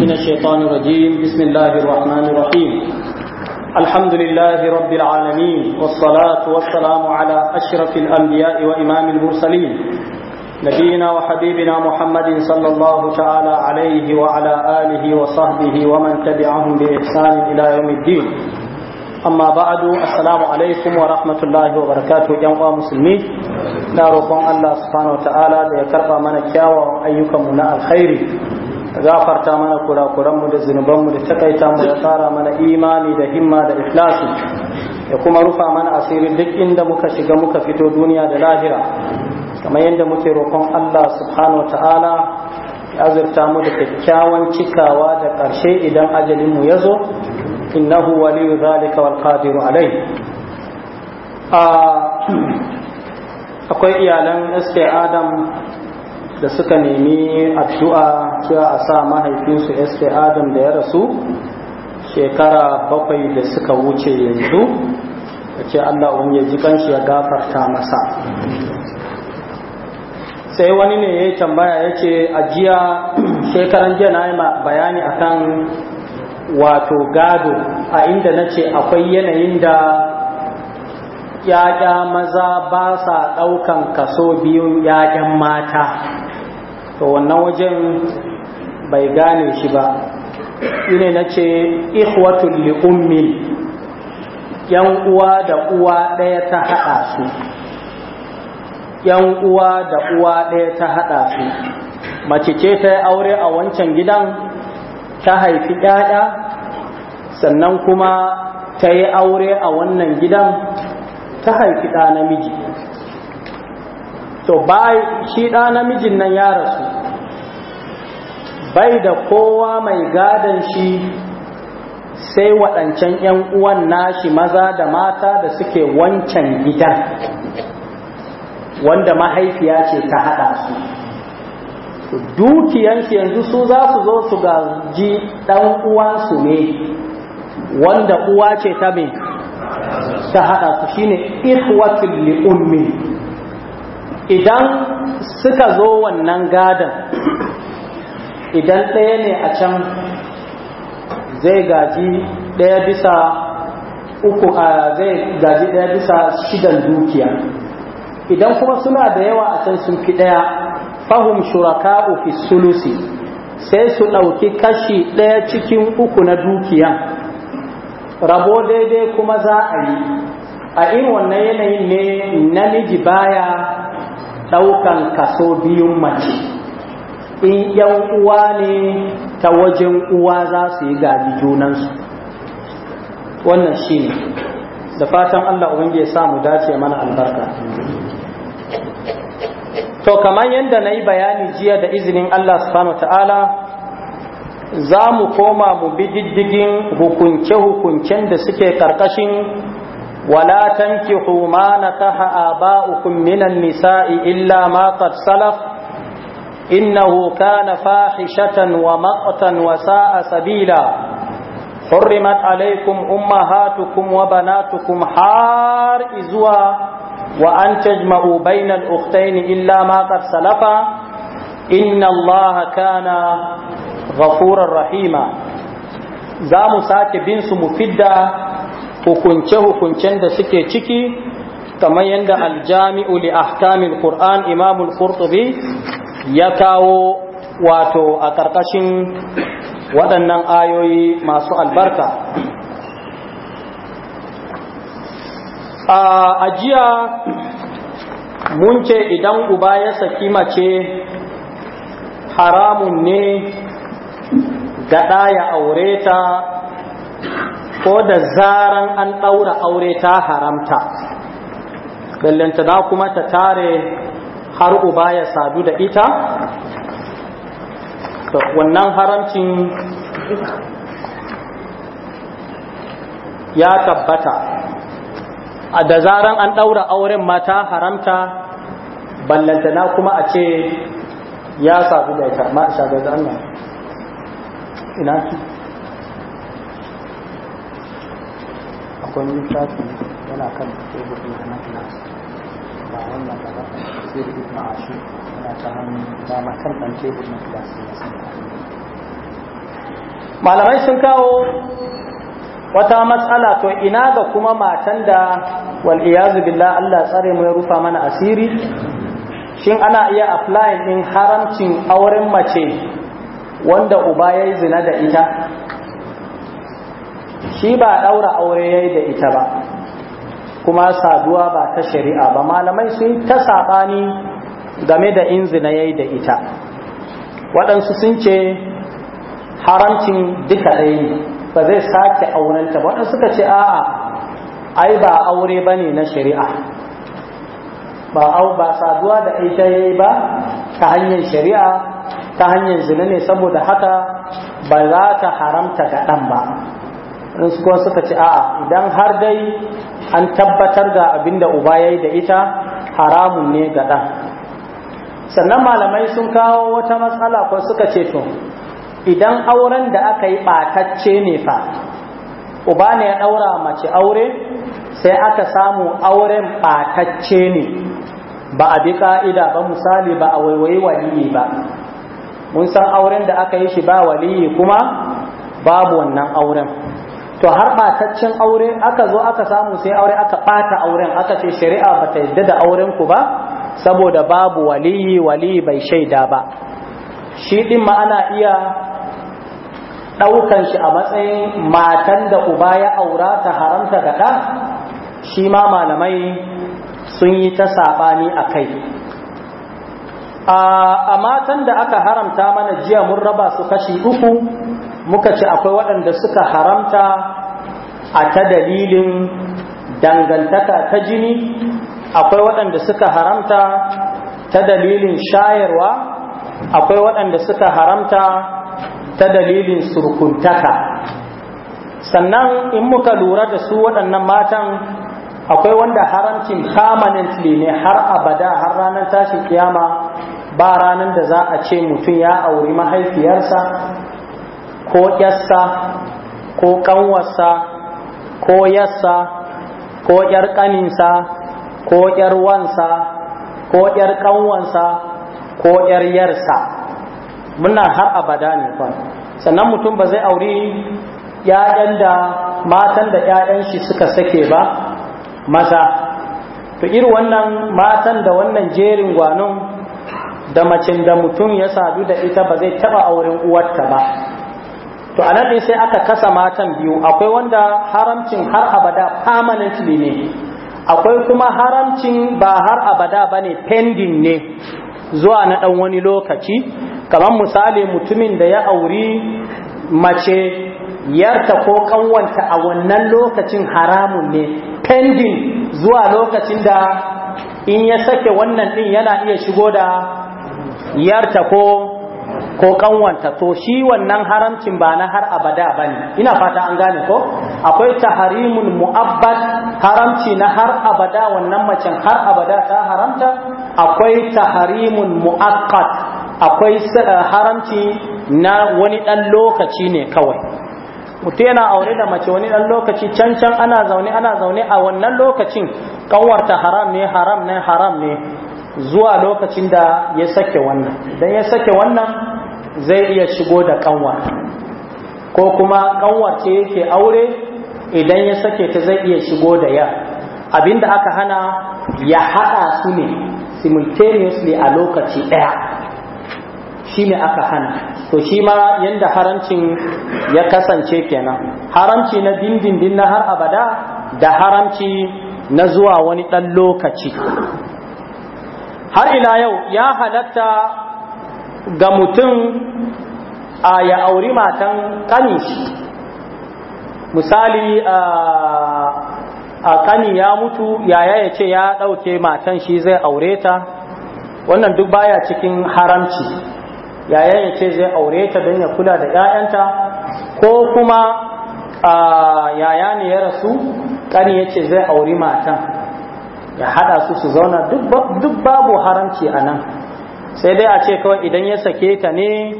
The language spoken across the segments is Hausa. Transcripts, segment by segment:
من الشيطان الرجيم بسم الله الرحمن الرحيم الحمد لله رب العالمين والصلاة والسلام على أشرف الأنبياء وإمام المرسلين نبينا وحبيبنا محمد صلى الله تعالى عليه وعلى آله وصحبه ومن تبعهم بإحسان إلى يوم الدين أما بعد السلام عليكم ورحمة الله وبركاته يا مسلمين نارو الله سبحانه وتعالى ليكرق subhanahu ta'ala أيكم من الخير gafarta mana kurakuranmu da zunubanmu da takaita mu da tsara mana imani da himma da ikhlasi ya kuma rufa mana asiri duk inda muka shiga muka fito duniya da lahira kamar yadda muke roƙon Allah subhanahu ta'ala ya azurta mu da kyakkyawan cikawa da ƙarshe idan ajalin mu yazo innahu waliyu zalika wal qadiru alai ah, akwai iyalan St. Adam da suka nemi addu'a cewa a sa mahaifinsu sk adam da ya rasu shekara bakwai da suka wuce yanzu da ce allah wani ya ji kanshi ya gafarta masa sai wani ne ya tambaya ya ce ajiya shekaran jiya na yi bayani akan wato gado a inda na ce akwai yanayin da ‘ya'ya maza ba sa ɗaukan kaso biyun ‘ya'yan mata to wannan wajen bai gane shi ba ine na ce ikhwatul li ummi yan uwa da uwa ɗaya ta haɗa su yan uwa da uwa ɗaya ta haɗa su mace ce ta yi aure a wancan gidan ta haifi ‘ya'ya sannan kuma ta yi aure a wannan gidan ta haifi ɗa namiji to ba shi ɗa namijin nan ya rasu bai da kowa mai gadon shi sai waɗancan 'yan uwan nashi maza da mata da suke wancan gidan wanda mahaifiya ce ta haɗa su dukiyansu yanzu su za su zo su gaji ɗan uwansu ne wanda uwa ce ta mai ta haɗa su shine ikwatin li'ummi idan suka zo wannan gadon idan ɗaya ne a can zai gaji ɗaya bisa uku a zai gaji ɗaya bisa shidan dukiya idan kuma suna da yawa a can sun fi ɗaya fahim shuraka fi sulusi sai su ɗauki kashi ɗaya cikin uku na dukiya rabo daidai kuma za a yi a in wannan yanayin ne namiji baya ɗaukan kaso biyun mace in yan uwa ne ta wajen uwa za su yi gabi junansu wannan shi ne da fatan Allah ubangi ya samu dace mana albarka to kamar yadda na yi bayani jiya da izinin Allah subhanahu ta'ala za mu koma mu bi diddigin hukunce-hukuncen da suke karkashin wala tankihu ma na taha aba'ukum minan nisa'i illa ma qad salaf إنه كان فاحشة ومقتا وساء سبيلا حرمت عليكم أمهاتكم وبناتكم حار إزوا وأن تجمعوا بين الأختين إلا ما قد سلفا إن الله كان غفورا رحيما زامو ساك بنس مفدة hukunce hukuncen da suke ciki kamar yadda aljami'u li ahkamil qur'an imamul qurtubi ya kawo wato a ƙarƙashin waɗannan ayoyi masu albarka a ajiya mun ce idan uba ya saki mace haramun ne da ɗaya ya aure ta ko da zaran an ɗaura aure ta haramta bellanta na kuma ta tare har uba ya sadu da ita wannan haramcin ya tabbata a da zaran an ɗaura auren mata haramta ballantana kuma a ce ya sadu da ita ma a shagar da Allah ina ki akwai littafi yana kan tebur na wannan sai da yana ta hannun da makar ɗan tebur na sun malamai sun kawo wata matsala to ina ga kuma matan da wal'iyazu billah Allah tsare mu ya rufa mana asiri shin ana iya apply in haramcin auren mace wanda uba ya yi zina da ita shi ba ɗaura aure ya yi da ita ba kuma saduwa ba ta shari'a ba malamai sun ta saɓani game da in zina yayi da ita waɗansu sun ce haramcin duka ɗaya ne ba zai sake aunanta ba waɗansu suka ce a'a ai ba aure ba ne na shari'a ba au ba saduwa da ita yayi ba ta hanyar shari'a ta hanyar zina ne saboda haka ba za ta haramta ga ɗan ba in suka ce a'a idan har dai an tabbatar da abinda uba ya yi da ita haramun ne ga ɗan sannan malamai sun kawo wata matsala ko suka ce to idan auren da aka yi ɓatacce ne fa uba ne ya ɗaura mace aure sai aka samu auren ɓatacce ne ba a bi ka'ida ba misali ba a waiwayi waliyi ba mun san auren da aka yi shi ba waliyi kuma babu wannan auren to har bataccen aure aka zo aka samu sai aure aka ɓata auren aka ce shari'a ba ta yadda da auren ku ba saboda babu waliyi waliyi bai shaida ba shi ɗin ma ana iya ɗaukan shi a matsayin matan da uba ya aura ta haramta ga ɗa shi ma malamai sun yi ta saɓani a kai a matan da aka haramta mana jiya mun raba su kashi uku muka ce akwai waɗanda suka haramta a ta dalilin dangantaka ta jini akwai waɗanda suka haramta ta dalilin shayarwa akwai waɗanda suka haramta ta dalilin surkuntaka sannan in muka lura da su waɗannan matan akwai wanda haramcin permanently ne har abada har ranar tashin kiyama ba ranar da za a ce mutum ya auri mahaifiyarsa ko ƙyarsa ko ƙanwarsa ko yassa ko ƴar ƙaninsa ko ƴar wansa ko ƴar ko ƴar yarsa muna har abada ne kwan sannan mutum ba zai auri ‘ya'yan da matan da ‘ya'yan shi suka sake ba maza to iri wannan matan da wannan jerin gwanon da macin da mutum ya sadu da ita ba zai taɓa auren uwarta ba to anan ne sai aka kasa matan biyu akwai wanda haramcin har abada permanent ne akwai kuma haramcin ba har abada bane pending ne zuwa na ɗan wani lokaci kamar misali mutumin da ya auri mace yarta ko kanwanta a wannan lokacin haramun ne pending zuwa lokacin da in ya sake wannan din yana iya shigo da yarta ko ko kanwanta to shi wannan haramcin ba na har abada ba ne ina fata an gane ko akwai taharimun mu'abbad haramci na har abada wannan macen har abada ta haramta akwai taharimun mu'aqqat akwai eh, haramci na wani dan lokaci ne kawai mutum yana aure da mace wani dan lokaci can can ana zaune ana zaune a wannan lokacin kanwarta haram ne haram ne haram ne zuwa lokacin da ya sake wannan idan ya sake wannan zai iya shigo da kanwar ko kuma kanwar ce yake aure idan ya sake ta zai iya shigo da ya abinda aka hana ya haɗa su ne simultaneously a lokaci ɗaya shi ne aka hana to shi ma yadda haramcin ya kasance kenan haramci na dindindin na har abada da haramci na zuwa wani ɗan lokaci har ila yau ya halatta ga mutum a ya auri matan kani misali a kani ya mutu yaya ya ce ya ɗauke matan shi zai aure ta wannan duk baya cikin haramci yaya ya ce zai aure ta don ya kula da 'ya'yanta ko kuma yaya ne ya rasu kani ya ce zai auri matan ya haɗa su su zauna duk babu haramci a nan sai dai a ce kawai idan ya sake ta ne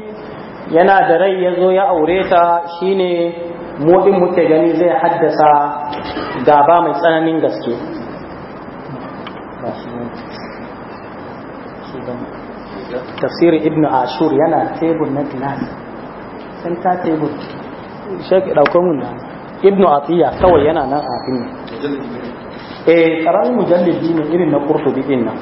yana da rai ya zo ya aure ta shine mu din muke gani zai haddasa gaba mai tsananin gaske tafsiri ibn ashur yana tebur na glass center table shek dauko mun ibn Afiya kawai yana nan a ne eh karamin mujallidi ne irin na qurtubi din nan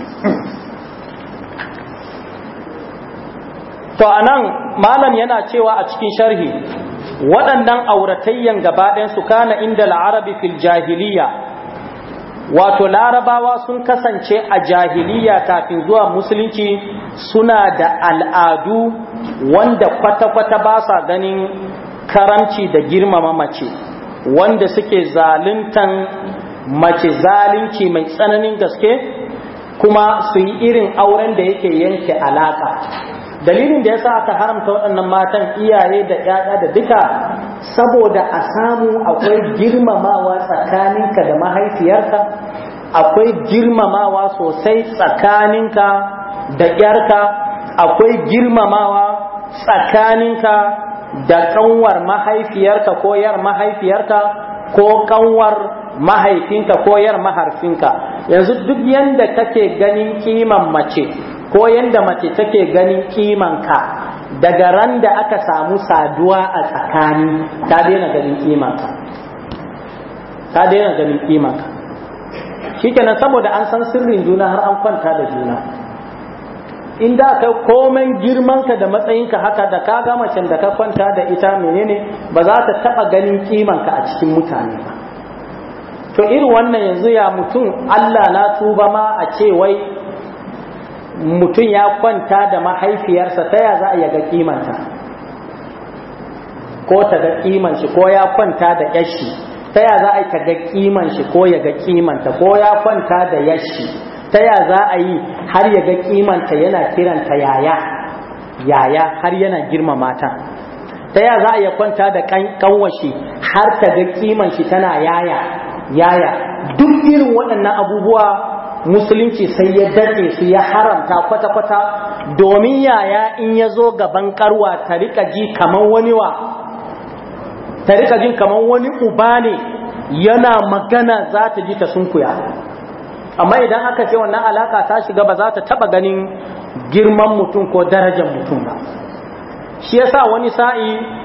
to anan malam yana cewa a cikin sharhi waɗannan auratayyan gabaɗayan su kana inda la'arabi fil jahiliya wato larabawa sun kasance a jahiliya kafin zuwa musulunci suna da al'adu wanda kwata-kwata ba sa ganin karamci da girmama mace wanda suke zaluntan mace zalunci mai tsananin gaske kuma su yi irin auren da yake yanke alaƙa dalilin da ya sa aka haramta waɗannan matan iyaye da ƴaƴa da duka saboda a samu akwai girmamawa tsakaninka da mahaifiyarka akwai girmamawa sosai tsakaninka da ƴarka akwai girmamawa tsakaninka da ƙanwar mahaifiyarka ko yar mahaifiyarka ko ƙanwar mahaifinka ko yar maharfinka yanzu duk yanda kake ganin kiman mace ko yanda mace take ganin kimanka daga ran da aka samu saduwa a tsakani ta daina ganin kimanka ta daina ganin kimanka shikenan saboda an san sirrin juna har an kwanta da juna in da ka komen girmanka da matsayinka haka da ka ga macen da ka kwanta da ita menene ba za ta taba ganin kimanka a cikin mutane ba to irin wannan yanzu ya mutum Allah na tuba ma a ce wai mutum ya kwanta da mahaifiyarsa ta ya za a yaga kimanta ko ta ga kiman ko ya kwanta da yashi ta ya za a ka ga kiman shi ko ya ga kimanta ko ya kwanta da yashi ta ya za a yi har ya ga kimanta yana kiranta yaya yaya har yana girma mata? ta ya za a ya kwanta da kanwashi har ta ga kiman tana yaya yaya duk irin waɗannan abubuwa musulunci sai ya datse su ya haramta kwata-kwata domin yaya in ya zo gaban karwa ta rika ji kamar wani uba ne yana magana za ta ji ta sunkuya amma idan aka ce wannan alaka ta shiga ba za ta taba ganin girman mutum ko darajar mutum ba shi yasa wani sa'i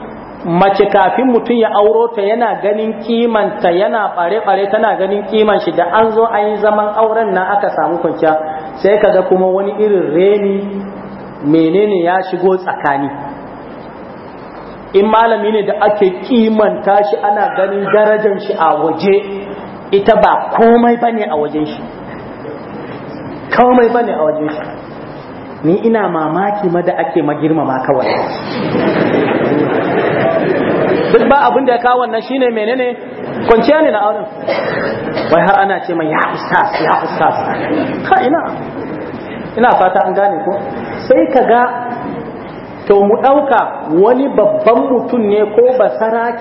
mace kafin mutum ya auro ta yana ganin kimanta yana ɓare-ɓare, tana ganin kiman shi da an zo an yi zaman auren na aka samu kwanciya sai kaga kuma wani irin reni menene ya shigo tsakani in malami ne da ake kimanta shi ana ganin darajar shi a waje ita ba komai bane a wajen shi komai bane a wajen shi ni ina mamaki ma da ake magirmama kawai duk ba abin da ya kawo wannan shine menene kwanciya ne na auren wai har ana ce mai ya ustaz ya ustaz ka ina ina fata an gane ko sai ka ga to mu ɗauka wani babban mutum ne ko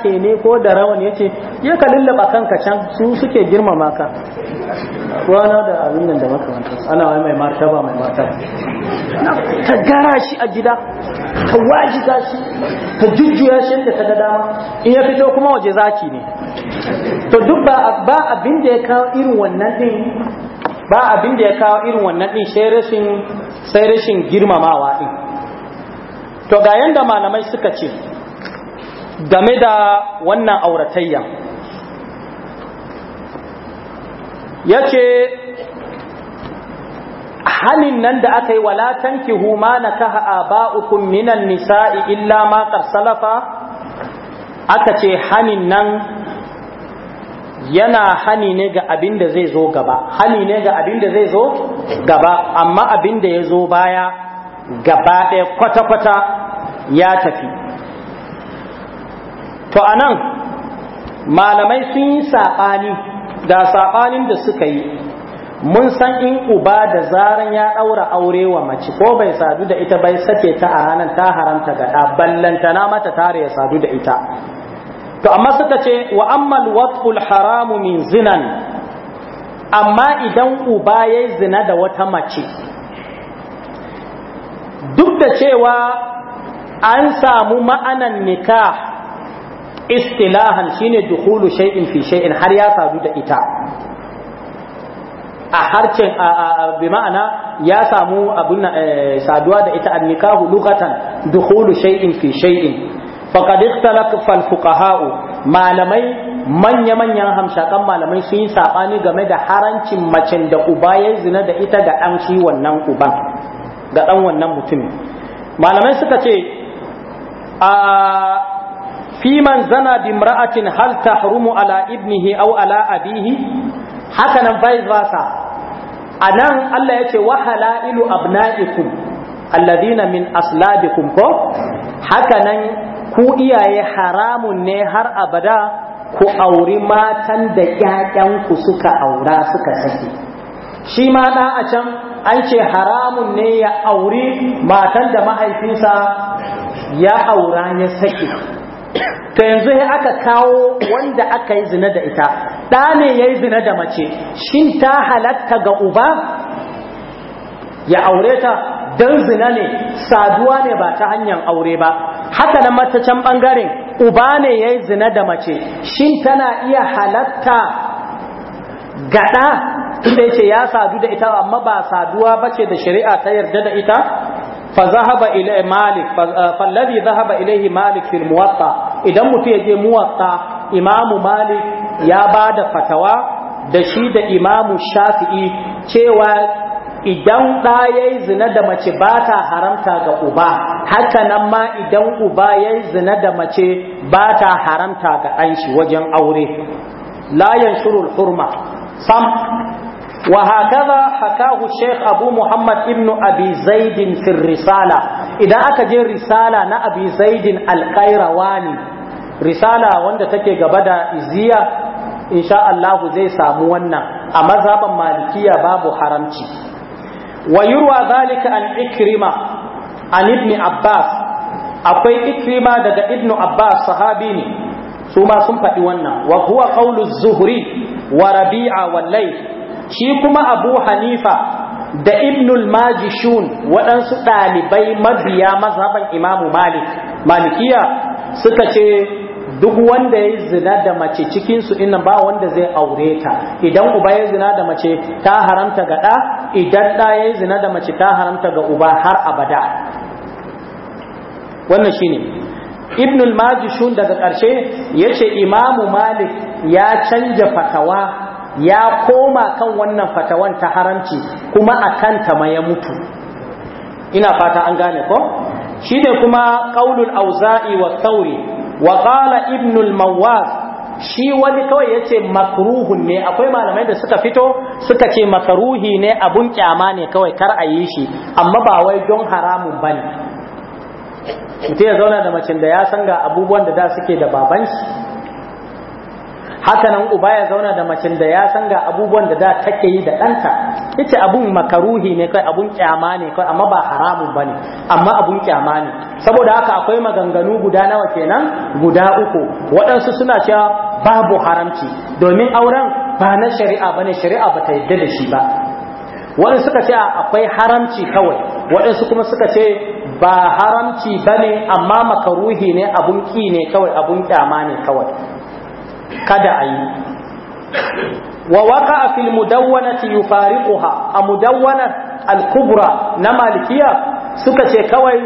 ke ne ko da rawan ya ce ya ka lullaba kanka can su suke girmama ka rana da abin nan da makamantar ana wai mai martaba mai martaba ta gara shi a gida ta wajiga shi ta jujjuya shi da ta dama in ya fito kuma waje zaki ne to duk ba abin da ya kawo irin wannan din ba abin da ya kawo irin wannan din sai rashin girmamawa din to ga yanda malamai suka ce game da wannan auratayya ya ce halin nan da aka yi walatan kihu huma na kaha a ba'ukun minan nisa'i illa makar salafa aka ce hanin nan yana hani ne ga abin da zai zo gaba hani ne ga abin da zai zo gaba amma abin da ya zo baya gaba ɗaya kwata-kwata ya tafi to a nan malamai sun yi saɓani da saɓanin da suka yi mun san in uba da zaran ya ɗaura aure wa mace ko bai sadu da ita bai sake ta a ranar ta haramta ga ɗa ballantana mata tare ya sadu da ita to amma suka ce wa ammal haramu min zinan amma idan uba ya zina da wata mace duk da cewa an samu ma'anan nikah istilahan shine dukhulu shay'in fi shay'in har ya sadu da ita a harcin bi ma'ana ya samu abun eh, saduwa da ita an nikahu lughatan dukhulu shay'in fi shay'in faqad ikhtalafa al fuqaha malamai manya-manyan hamshakan malamai sun yi saɓani game da harancin macen da uba ya zina da ita da ɗan shi wannan uban ga ɗan wannan mutumin malamai suka ce a fiman zana bi imra'atin hal tahrumu ala ibnihi aw ala abihi haka nan vice versa anan Allah yace wa halailu abna'ikum alladhina min asladikum ko haka nan ku iyaye haramun ne har abada ku auri matan da ƴaƴanku suka aura suka saki shi ma da a can an ce haramun ne ya auri matan da mahaifinsa ya aura ya sake ta yanzu ya aka kawo wanda aka yi zina da ita ɗa ne ya yi zina da mace shin ta halatta ga uba ya aure ta don zina ne saduwa ne ba ta hanyar aure ba haka nan matacan ɓangaren uba ne ya yi zina da mace shin tana iya halatta gaɗa tunda yace ya sadu da ita amma ba saduwa bace da shari'a ta yarda da ita fa zahaba ila malik eh, fa alladhi zahaba ilayhi malik fil muwatta idan mutu yaje muwatta imamu malik ya bada fatawa da shi da imamu shafi'i cewa idan ɗa yayi zina da mace ba ta haramta ga uba haka nan ma idan uba yayi zina da mace ba ta haramta ga shi wajen aure layan shurul hurma sam وهكذا حكاه الشيخ أبو محمد ابن أبي زيد في الرسالة إذا أكجي رسالة نا أبي زيد القيرواني رسالة وانت تكي قبدا إزية إن شاء الله زي سامونا أما ذهب مالكية باب حرمتي ويروى ذلك عن إكرمة عن ابن عباس akwai ikrima daga ibnu abbas sahabi ne su ma sun faɗi wannan wa huwa qaulu zuhri wa rabi'a wal layth shi kuma abu hanifa da ibnul majishun waɗansu ɗalibai mabiya mazhaban imamu malik malikiya suka ce duk wanda ya zina da mace cikinsu innan ba wanda zai aure ta idan uba ya zina da mace ta haramta ga ɗa idan ɗa ya zina da mace ta haramta ga uba har abada wannan shine ibnul majishun daga ƙarshe ya ce imamu malik ya canja fatawa ya koma kan wannan fatawan ta haramci kuma a kanta ma ya mutu ina fata an gane ko shi ne kuma qaulul auza'i wa thauri wa qala ibn mawaz shi wani kawai yace makruhun ne akwai malamai da suka fito suka ce makaruhi ne abun kyama ne kawai kar a yi shi amma ba wai don haramun bane mutum ya zauna da macin da ya san ga abubuwan da da suke da baban haka nan uba ya zauna da macin da ya san ga abubuwan da da take yi da ɗanta yace abun makaruhi ne kai abun kyama ne kai amma ba haramun bane amma abun kyama ne saboda haka akwai maganganu guda nawa kenan guda uku waɗansu suna cewa babu haramci domin auren ba na shari'a bane shari'a bata yadda da shi ba waɗansu suka ce akwai haramci kawai waɗansu kuma suka ce ba haramci ba ne amma makaruhi ne abun ki ne kawai abun kyama ne kawai kada ayi. yi wa waka a fil mudawwanati yufariquha a mudawwanar al na malikiya suka ce kawai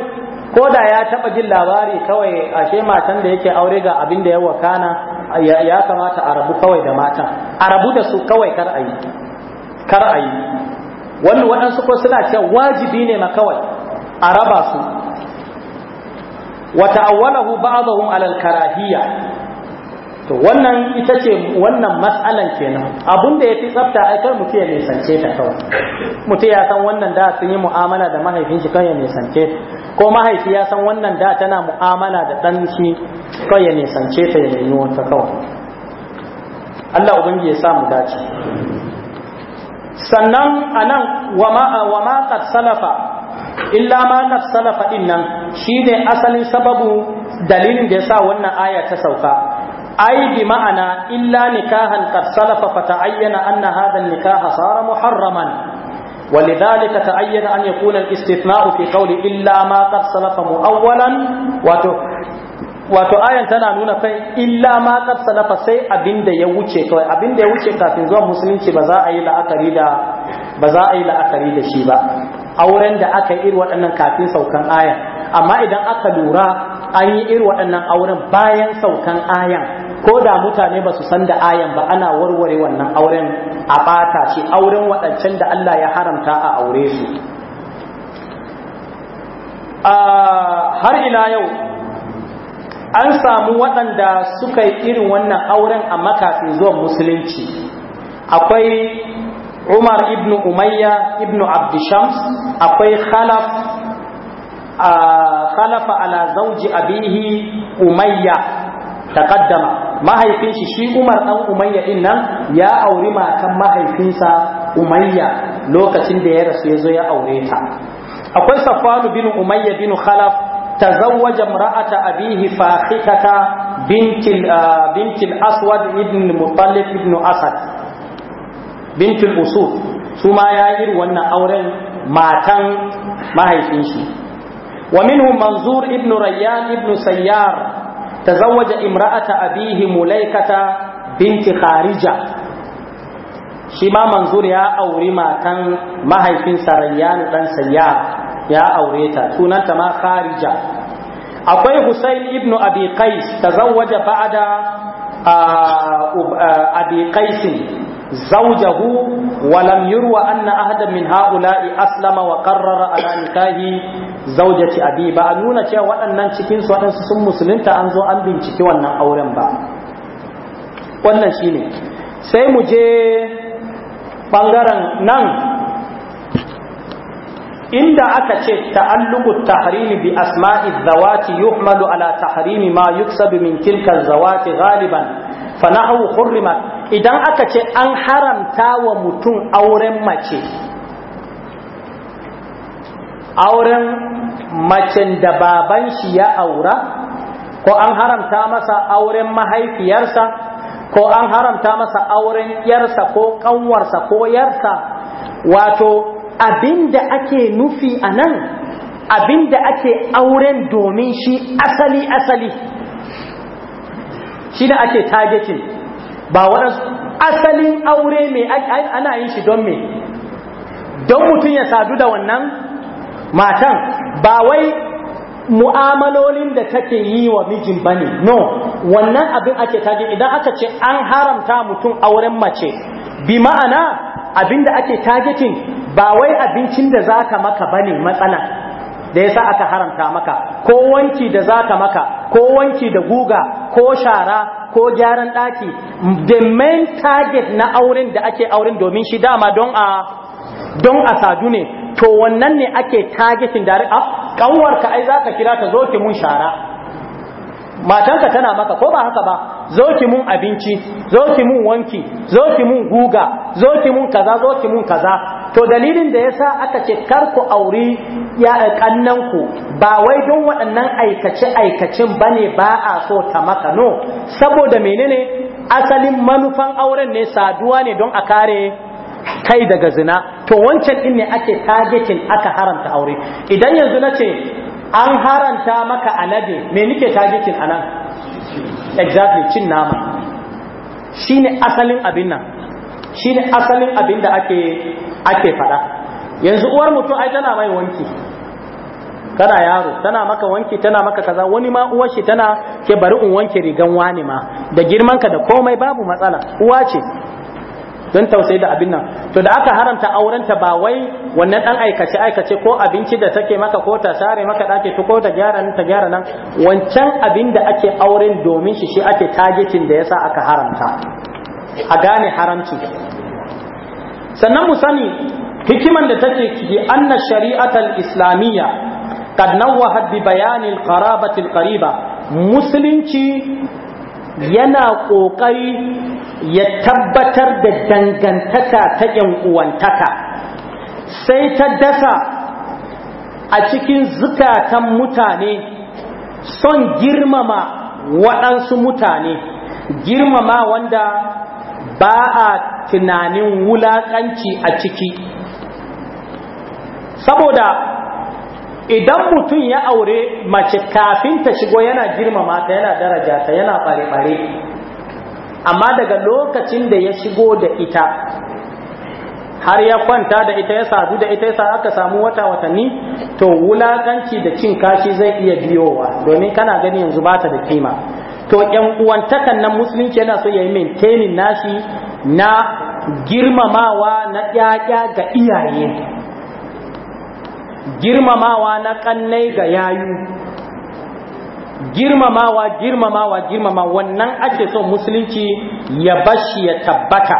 ko da ya taba jin labari kawai ashe matan da yake aure ga abin da ya wakana ya kamata a rabu kawai da matan a rabu da su kawai kar ayi kar ayi wannan waɗansu ko suna cewa wajibi ne ma kawai a raba su Wata ta'awwalahu ba'dhum 'ala al-karahiyya to wannan ita ce wannan matsalan kenan abun ya fi tsafta ai kar mutum ya nisance ta kawai Mutu ya san wannan da sun yi mu'amala da mahaifin shi kawai ya nisance ko mahaifi ya san wannan da tana mu'amala da ɗan shi kawai ya nisance ta ya nemi wata kawai Allah ubangiji ya sa mu dace sannan anan wa ma wa ma qad salafa illa ma qad salafa shi shine asalin sababu dalilin da yasa wannan aya ta sauka ai bi ma'ana illa nikahan qad salafa fa ta'ayyana anna hadha an-nikah sara muharraman ولذلك تأين أن يكون الاستثناء في قول إلا ما قد سلف مؤولا wato ayan tana nuna kai illa ma qad salafa sai abinda ya wuce kawai abinda ya wuce kafin zuwa musulunci ba za a yi la'akari da ba za a yi la'akari da shi ba auren da aka yi irin waɗannan kafin saukan ayan amma idan aka lura an yi irin waɗannan auren bayan saukan ayan ko da mutane ba su san da ayan ba ana warware wannan auren a ɓata shi auren waɗancan da Allah ya haramta a aure su har ila yau an samu waɗanda suka yi irin wannan auren a makafin zuwa musulunci akwai umar ibn umayya ibn abdishams akwai khalaf khalafa ala zauji abihi umayya taqaddama Mahaifinshi shi Umar ɗan Umayya din nan ya auri matan mahaifinsa Umayya lokacin da ya rasu ya zo ya aure ta akwai Safwan bin Umayya bin Khalaf tazawwaja mar'ata abihi fakhikata binti ah, binti aswad ibn Muttalib ibn Asad binti al-Usud suma ya yi wannan auren matan mahaifinshi. Wa ومنهم Manzur ابن ريان ابن Sayyar? tazawwaja imra'ata abihi mulaikata binti kharija shi ma manzur ya auri matan mahaifin sarayyan dan sayya ya aure ta sunanta ma kharija akwai husayn ibn abi qais tazawwaja ba'da abi qais Zaujahu زوجه ولم يروى أن أحدا من هؤلاء أسلم وقرر على نكاه زوجة A nuna cewa waɗannan cikinsu su sun musulunta an zo an binciki wannan auren ba wannan shine sai mu je ɓangaren nan inda aka ce ta'alluqu tahrimi bi asma'i zawati yuhmalu ala tahrimi ma yuksabu min tilka zawati galiban. fa nahu hurrimat idan aka ce an haramta wa mutum auren mace auren macen da baban shi ya aura ko an haramta masa auren mahaifiyarsa ko an haramta masa auren yarsa ko kanwarsa ko yarsa wato abinda ake nufi a nan abinda ake auren domin shi asali asali shi da ake targeting ba waɗansu asalin aure mai ana yin shi don me don mutum ya sadu da wannan matan ba wai mu'amalolin da take yi wa mijin ba no wannan abin ake tage idan aka ce an haramta mutum auren mace bi ma'ana abin da ake tagetin ba wai abincin da za ka maka ba ne matsala da yasa aka haramta maka ko wanki da za zaka maka ko wanki da guga ko shara ko gyaran ɗaki the main target na auren da ake auren domin shi dama don a don a sadu ne to wannan ne ake targeting da a kanwar ka ai zaka kira ta zo ki mun shara matanka tana maka ko ba haka ba zo ki mun abinci zo ki mun wanki zo ki mun guga zo ki mun kaza zo ki mun kaza to dalilin da yasa aka ce kar ku auri ya eh, kannan ku ba wai don waɗannan aikace aikacin bane ba a so ta maka no saboda menene asalin manufan auren ne saduwa ne don a kare kai daga zina to wancan din ne ake targeting aka haramta aure idan yanzu nace an haranta maka alade me nike targeting anan exactly cin nama shine asalin abin nan ne asalin abin da ake fada faɗa yanzu uwar mutum ai tana mai wanki kana yaro tana maka wanki tana maka kaza wani ma uwar shi tana ke bari in wanke rigan wani ma da girman ka da komai babu matsala uwa ce don tausayi da abin nan to da aka haramta aurenta ba wai wannan dan aikace aikace ko abinci da take maka ko ta share maka dake ko ta gyara nan ta gyara nan wancan abin da ake auren domin shi shi ake targeting da yasa aka haramta a gane haramci sannan mu sani hikiman da take ciki anna shari'atar islamiyya kad nawwahat bi bayanil qarabatil qariba musulunci yana kokari ya tabbatar da dangantaka ta yan uwantaka sai ta dasa a cikin zukatan mutane son girmama waɗansu mutane girmama wanda ba a tunanin wulakanci a ciki saboda idan mutum ya aure mace kafin ta shigo yana girmama ta yana daraja ta yana bare-bare amma daga lokacin da ya shigo da ita har ya kwanta da ita ya sadu da ita ya sa aka samu wata watanni to wulakanci da cin kashi zai iya biyowa domin kana gani yanzu ba ta da kima to yan uwantakan nan musulunci yana so ya yi maintaining nashi na girmamawa na ƴaƴa ga iyaye girmamawa na ƙannai ga yayu girmamawa girmamawa girmama wannan ake so musulunci ya bashi ya tabbata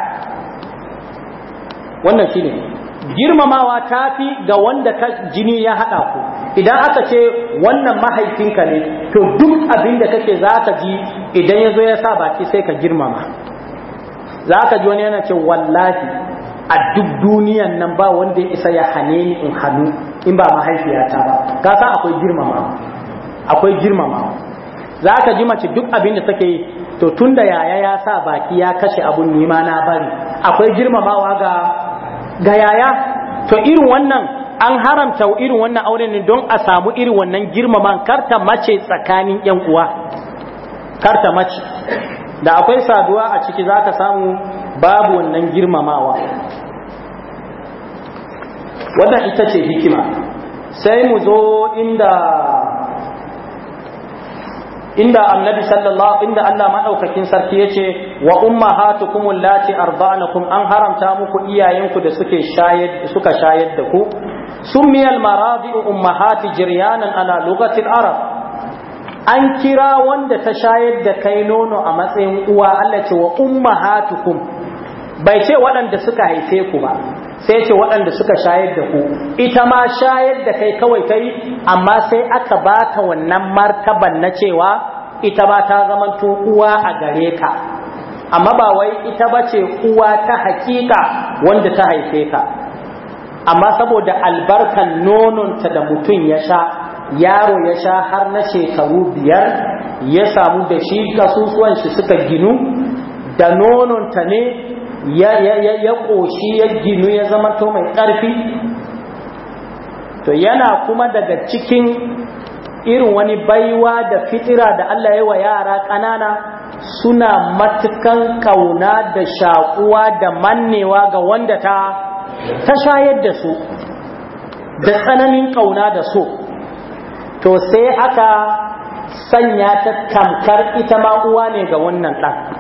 wannan shine girmamawa ta fi ga wanda ka jini ya haɗa ku idan aka ce wannan mahaifinka ne to duk abin da kake za ka ji idan ya zo ya sa baki sai ka girmama za ka ji wani yana ce wallahi a duk duniyan nan ba wanda ya isa ya hane ni in hannu in ba mahaifiyata ba ka san akwai girmama akwai girmama za ka ji mace duk abin da take yi to tunda yaya ya sa baki ya kashe abun nima na bari akwai girmamawa ga ga yaya to irin wannan an haramta irin wannan auren ne don a samu irin wannan girmaman karta mace tsakanin yan uwa karta mace da akwai saduwa a ciki zaka samu babu wannan girmamawa wannan ita ce hikima sai mu zo inda inda annabi sallallahu inda Allah madaukakin sarki yace wa ummahatukum allati kum an haramta muku iyayenku da suke shayar suka shayar da ku summiyal maradi ummahati jiryanan ala lokacin arab an kira wanda ta shayar da kai nono a matsayin uwa Allah ce wa ummahatukum bai ce waɗanda suka haife ku ba sai ce waɗanda suka shayar da ku ita ma shayar da kai kawai kai amma sai aka ba ta wannan martaban na cewa ita ba ta zamanto uwa a gare ka amma ba wai ita ba ce uwa ta hakika wanda ta haife ka amma saboda albarkan nononta da mutum ya sha yaro ya sha har na shekaru biyar ya samu da shi kasusuwan shi suka ginu da nononta ne ya ƙoshi ya ginu ya zama to mai ƙarfi to yana kuma daga cikin irin wani baiwa da fitira da Allah ya wa yara ƙanana suna matukan kauna da shaƙuwa da mannewa ga wanda ta ta shayar da su da tsananin ƙauna da su to sai aka sanya ta tamkar ita ma uwa ne ga wannan ɗan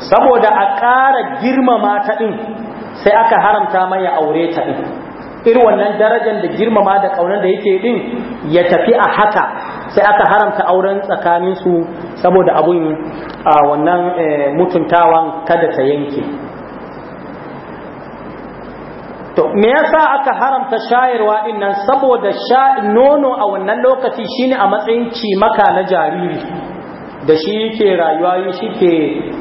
saboda a ƙara girmama ta ɗin sai aka haramta mai ya aure ta ɗin irin wannan darajar da girmama da ƙaunar da yake ɗin ya tafi a haka sai aka haramta auren tsakaninsu saboda abun a wannan eh, mutuntawan kada ta yanke to me yasa aka haramta shayarwa din nan saboda sha nono a wannan lokaci shine a matsayin cimaka na jariri da shi yake rayuwa shi ke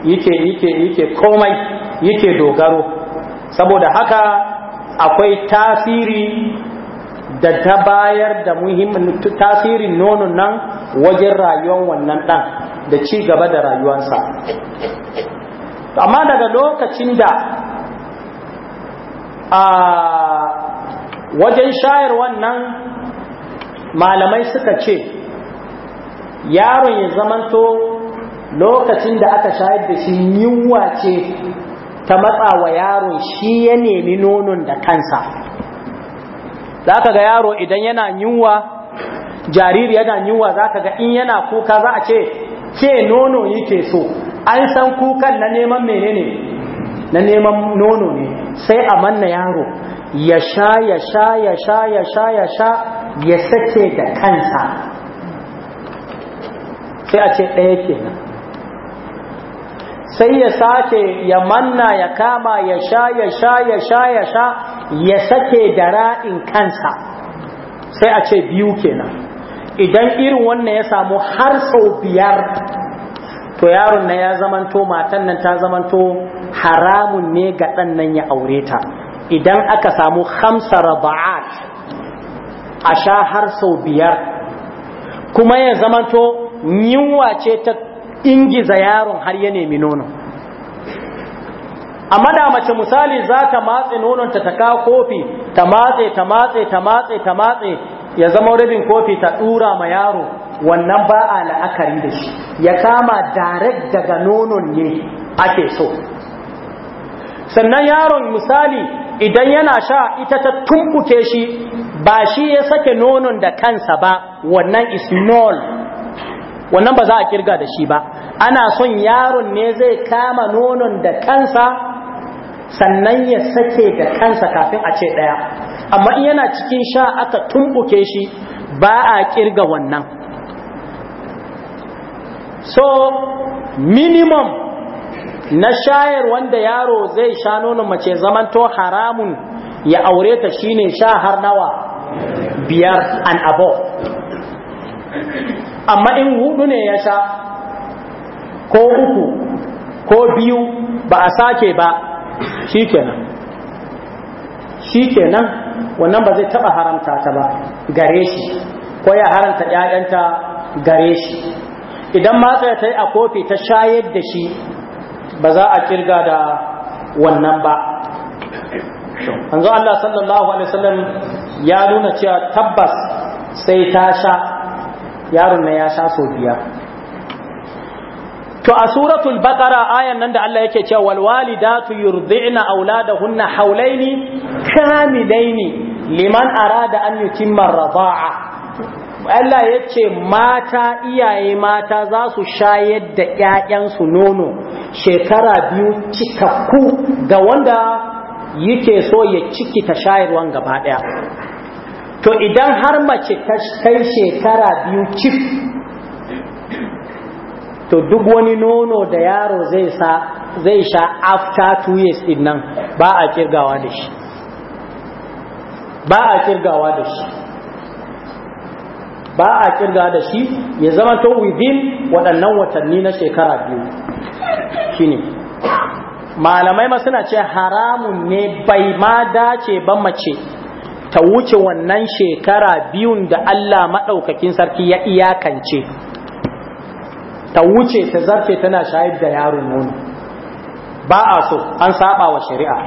yake yake yake komai yake dogaro saboda haka akwai tasiri da ta bayar da muhimmin tasirin nonon nan wajen rayuwar wannan ɗan da ci gaba da rayuwarsa amma daga lokacin da a wajen shayar wannan malamai suka ce yaron ya zamanto lokacin da aka shayar da shi yunwa ce ta matsa wa yaron shi ya nemi nonon da kansa za ka ga yaro idan yana yunwa jariri yana yunwa za ka ga in yana kuka za a ce ke nono yake so an san kukan na neman ne na neman nono ne sai a manna yaro ya sha ya sha ya sha ya sha ya sha ya sake da kansa sai a ce ɗaya kenan sai ya sake ya manna ya kama ya sha ya sha ya sha ya sha ya sake da ra'in kansa sai a ce biyu kenan idan irin wannan ya samu har sau biyar to yaron na ya zamanto matan nan ta zamanto haramun ne ga ɗannan ya aure ta idan aka samu hamsa raba'at a sha har sau biyar kuma ya zamanto yunwa ce ta ingiza yaron har ya nemi nono amma da mace misali za ta matse nononta ta kawo kofi ta matse ta matse ta matse ta matse ya zama rabin kofi ta dura ma yaro wannan ba a la'akari da shi ya kama darek daga nonon ne ake so sannan yaron misali idan yana sha ita ta tumbuke shi ba shi ya sake nonon da kansa ba wannan is small. wannan ba za a kirga da shi ba ana son yaron ne zai kama nonon da kansa sannan ya sake da kansa kafin a ce ɗaya amma in yana cikin sha aka tumbuke shi ba a kirga wannan so minimum na shayar wanda yaro zai sha nonon mace zamanto haramun ya aure ta shine sha har nawa biyar an abo amma in hudu ne ya sha ko uku ko biyu ba a sake ba shi shi shikenan wannan ba zai taba haramta ta ba gare shi ko ya haramta ƴaƴanta gare shi idan matsaya ta yi a kofi ta shayar da shi ba za a kirga da wannan ba An zo Allah sallallahu alaihi wasallam ya nuna cewa tabbas sai ta sha yaron na ya sha sofiya to a suratul baqara ayan nan da Allah yake cewa wal walidatu yurdi'na auladahunna hawlaini kamilaini liman arada an yutimma ar-rida'a Allah yace mata iyaye mata za su shayar da 'ya'yansu nono shekara biyu cikakku ga wanda yake so ya cikita ta shayarwan gaba daya to idan har mace ta kai shekara biyu cif to duk wani nono da yaro zai sa zai sha after two years din nan ba a kirgawa da shi ba a kirgawa da shi ba a kirgawa da shi ya zama to within waɗannan watanni na shekara biyu shine malamai ma suna ce haramun ne bai ma dace ba mace ta wuce wannan shekara biyun da Allah maɗaukakin sarki ya iyakance ta wuce ta zarfe tana shayar da yaron nono ba a so an saba wa shari'a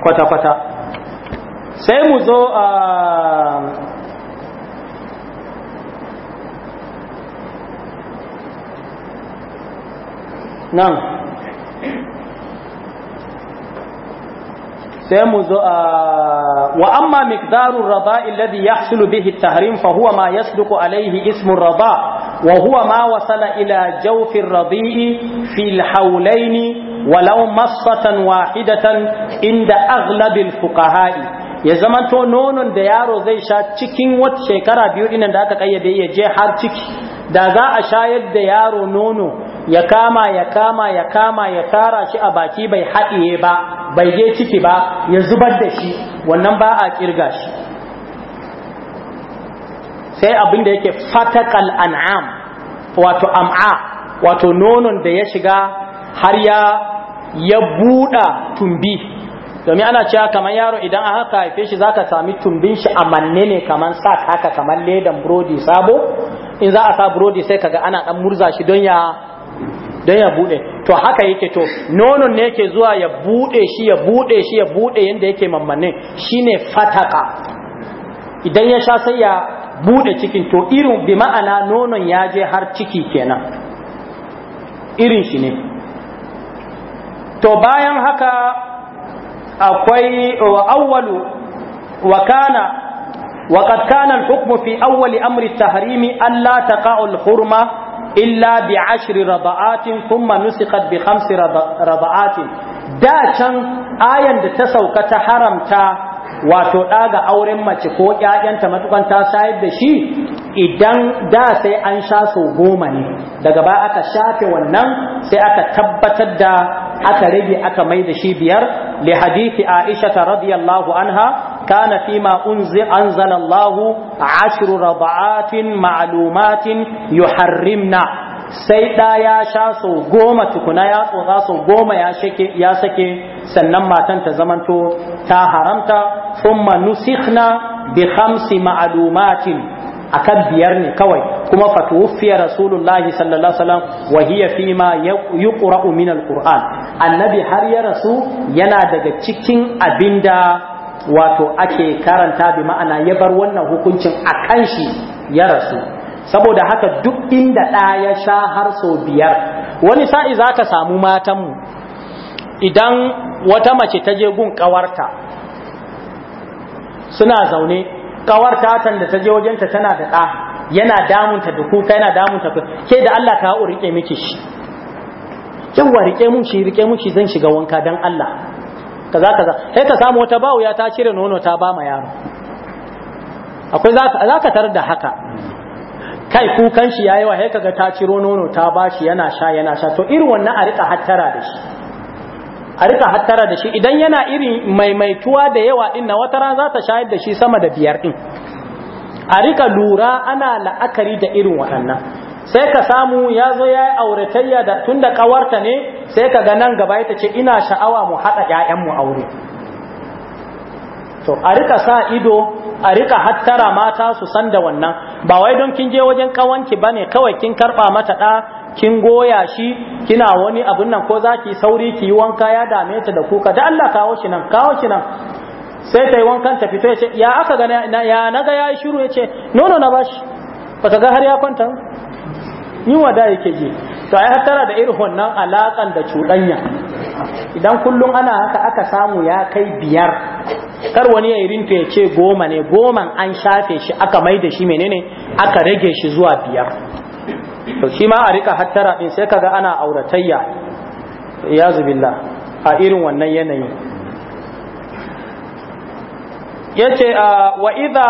kwata-kwata sai mu zo a ah, nan sai mu zo wa amma miqdarur rada'i alladhi yahsulu bihi at-tahrim fa huwa ma yasduqu alayhi ismu ar-rada' وهو ما وصل إلى جوف الرضيع في الحولين ولو مصة واحدة عند أغلب الفقهاء ya zamanto nonon da yaro zai sha cikin wata shekara biyu dinan da aka kayyade ya je har ciki da za a shayar da yaro nono ya kama ya kama ya kama ya tara shi a baki bai haɗiye ba bai je ciki ba ya zubar da shi wannan ba a kirga shi sai abin da yake fatakal an'am wato am'a wato nonon da ya shiga har ya ya buɗa tumbi domin ana cewa kamar yaro idan aka haka haife shi zaka sami tumbin shi a manne ne kamar sa haka kamar ledan burodi sabo in za a sa burodi sai kaga ana dan murza shi don ya don ya bude to haka yake to nonon ne yake zuwa ya bude shi ya bude shi ya bude yanda yake mammane shine fataka idan ya sha sai ya bude cikin to irin bi ma'ana nonon ya je har ciki kenan irin shi ne to bayan haka akwai wa awwalu wa kana al-hukmu fi awwali amri at-tahrimi an la لا al-hurma illa bi ashri rada'atin thumma nusiqat bi khamsi rada'atin da can ayan da ta sauka ta haramta wato ɗaga auren mace ko ƴaƴanta matukan ta shayar da shi idan da sai an sha sau goma ne daga ba aka shafe wannan sai aka tabbatar da aka rage aka mai da shi biyar li hadithi aisha radiyallahu anha kana fima anzala Allahu ashru rabaatin yuharrimna sai ɗa ya sha sau goma tukuna ya sa sau goma ya sake sannan matan ta zamanto ta haramta thumma nusikhna bi khamsi a kan biyar ne kawai kuma fatuwfiya rasulullahi sallallahu alaihi wasallam wa hiya fi ma yuqra'u min alquran annabi har ya rasu yana daga cikin abinda wato ake karanta bi ma'ana ya bar wannan hukuncin a kan shi ya rasu saboda haka duk inda ɗa ya sha har sau biyar wani sa'i za ka samu matanmu idan wata mace ta je gun ƙawarta suna zaune ƙawarta tan da ta je wajenta tana da ɗa yana damunta da kuka yana damunta ke da Allah ka riƙe miki shi yawwa riƙe mun shi riƙe mun shi zan shiga wanka don Allah kaza kaza sai ka samu wata ya ta cire nono ta ba ma yaro akwai za ka tarar da haka kai kukan shi yayi wa sai kaga ta ciro nono ta ba shi yana sha yana sha to irin wannan a rika hattara da shi a rika hattara da shi idan yana irin maimaituwa da yawa din na wata ran za ta shayar da shi sama da biyar din a rika lura ana la'akari da irin waɗannan sai ka samu ya zo ya yi auratayya da tun da kawarta ne sai ka ga nan gaba ita ce ina sha'awa mu haɗa mu aure to a rika sa ido a rika hattara mata su san da wannan ba wai don kin je wajen kawanki ne kawai kin karɓa mata ɗa kin goya shi kina wani abin nan ko za ki sauri ki yi wanka ya dame ta da kuka da Allah kawo shi nan kawo shi nan sai ta yi wankan ta fito ya ce ya aka ga ya na ga ya yi shiru ya ce nono na bashi ka ga har ya kwanta yi da yake ji to ai hattara da irin wannan alaƙan da cudanya. idan kullum ana haka aka samu ya kai biyar kar wani ya irin ya ce goma ne goman an shafe shi aka mai da shi menene aka rage shi zuwa biyar to shi ma a rika hattara din sai kaga ana auratayya ya zubilla a irin wannan yanayi yace ah, wa iza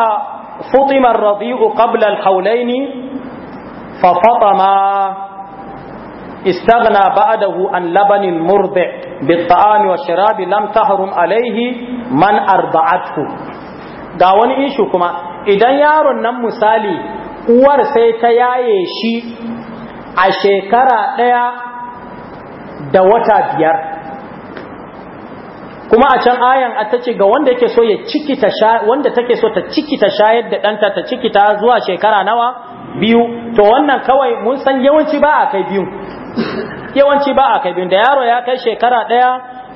futima ar qabla al-hawlaini ففطم استغنى بعده عن لبن مرضع بالطعام والشراب لم تحرم عليه من أرضعته ga wani ishu kuma idan yaron nan misali uwar sai ta yaye shi a shekara ɗaya da wata biyar kuma a can ayan ta ce ga wanda yake so ya cikita wanda take so ta cikita shayar da ɗanta ta cikita zuwa shekara nawa biyu to wannan kawai mun san yawanci ba a kai biyu yawanci ba a kai biyu da yaro ya kai shekara ɗaya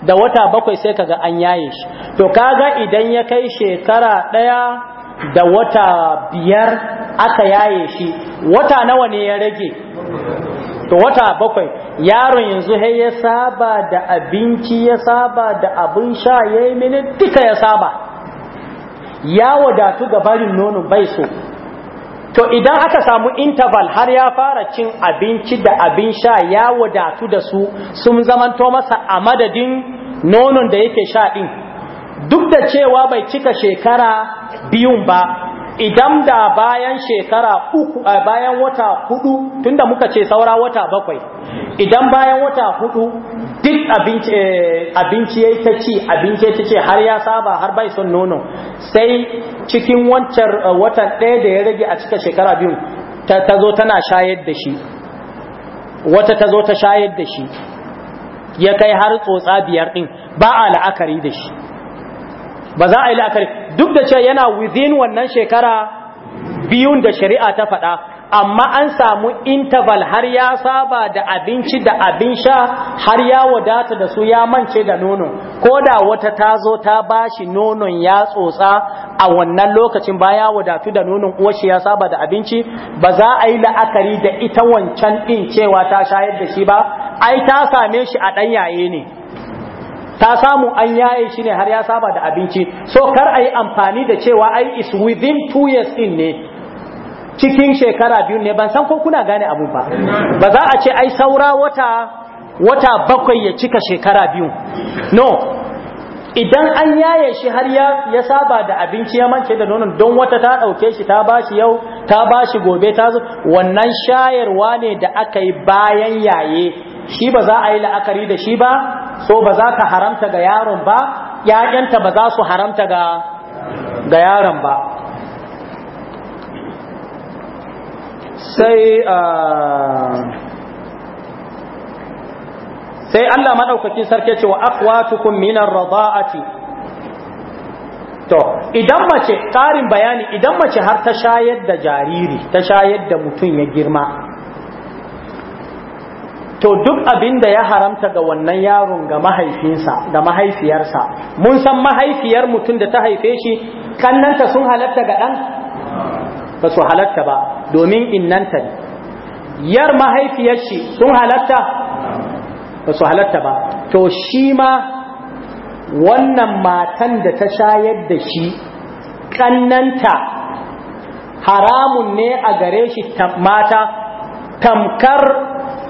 da wata bakwai sai kaga an yaye shi to kaga idan ya kai shekara ɗaya da wata biyar aka yaye shi wata nawa ne ya rage to wata bakwai yaron yanzu hai ya saba da abinci ya saba da abin sha ya yi mini duka ya saba ya wadatu ga barin nono bai so to idan aka samu interval har ya fara cin abinci da abin sha ya wadatu da su sun zamanto masa a madadin nonon da yake sha din duk da cewa bai cika shekara biyun ba idan da bayan shekara uku a bayan wata hudu tunda muka ce saura wata bakwai idan bayan wata hudu duk abinci eh, ya yi ta ci abinci ya ta ce har ya saba har bai son nono sai cikin wancan eh, watan ɗaya da ya rage a cika shekara biyu ta zo tana shayar da shi wata ta zo ta shayar da shi ya kai har tsotsa biyar ɗin, ba a la'akari da shi ba za a yi la'akari duk da cewa yana within wannan shekara biyun da shari'a ta faɗa amma an samu interval har ya saba da abinci da abin sha har ya wadata da su ya mance da nono ko da wata ta zo ta bashi nonon ya tsotsa a wannan lokacin baya wadatu da nonon uwashi ya saba da abinci ba za a yi la'akari da ita wancan ɗin cewa ta shayar da shi ba ai ta same shi a ɗanyaye ne ta samu an yaye shi ne har ya saba da abinci so kar a yi amfani da cewa ai is within two years din ne cikin shekara biyu ne ban san ko kuna gane abu ba ba za a ce ai saura wata wata bakwai ya cika shekara biyu no idan an yaye shi har ya, ya saba da abinci ya mance da nonon don wata ta ɗauke shi ta bashi yau ta bashi gobe ta zo wannan shayarwa ne da aka yi bayan yaye shi ba za a yi la'akari da shi ba so ba za ka haramta ga yaron ba ƴaƴanta ba za su haramta ga ga yaron ba sai ah, sai Allah madaukakin sarki ce cewa akhwatukum minar rada'ati to idan mace ƙarin bayani idan mace har ta shayar da jariri ta shayar da mutum ya girma to duk abin da ya haramta ga wannan yaron ga mahaifinsa ga mahaifiyarsa mun san mahaifiyar mutum da ta haife shi kannanta sun halatta ga ɗan ba su halatta ba domin innanta ne yar mahaifiyar shi sun halatta ba su halatta ba to shi ma wannan matan da ta shayar da shi kannanta haramun ne a gare shi mata tamkar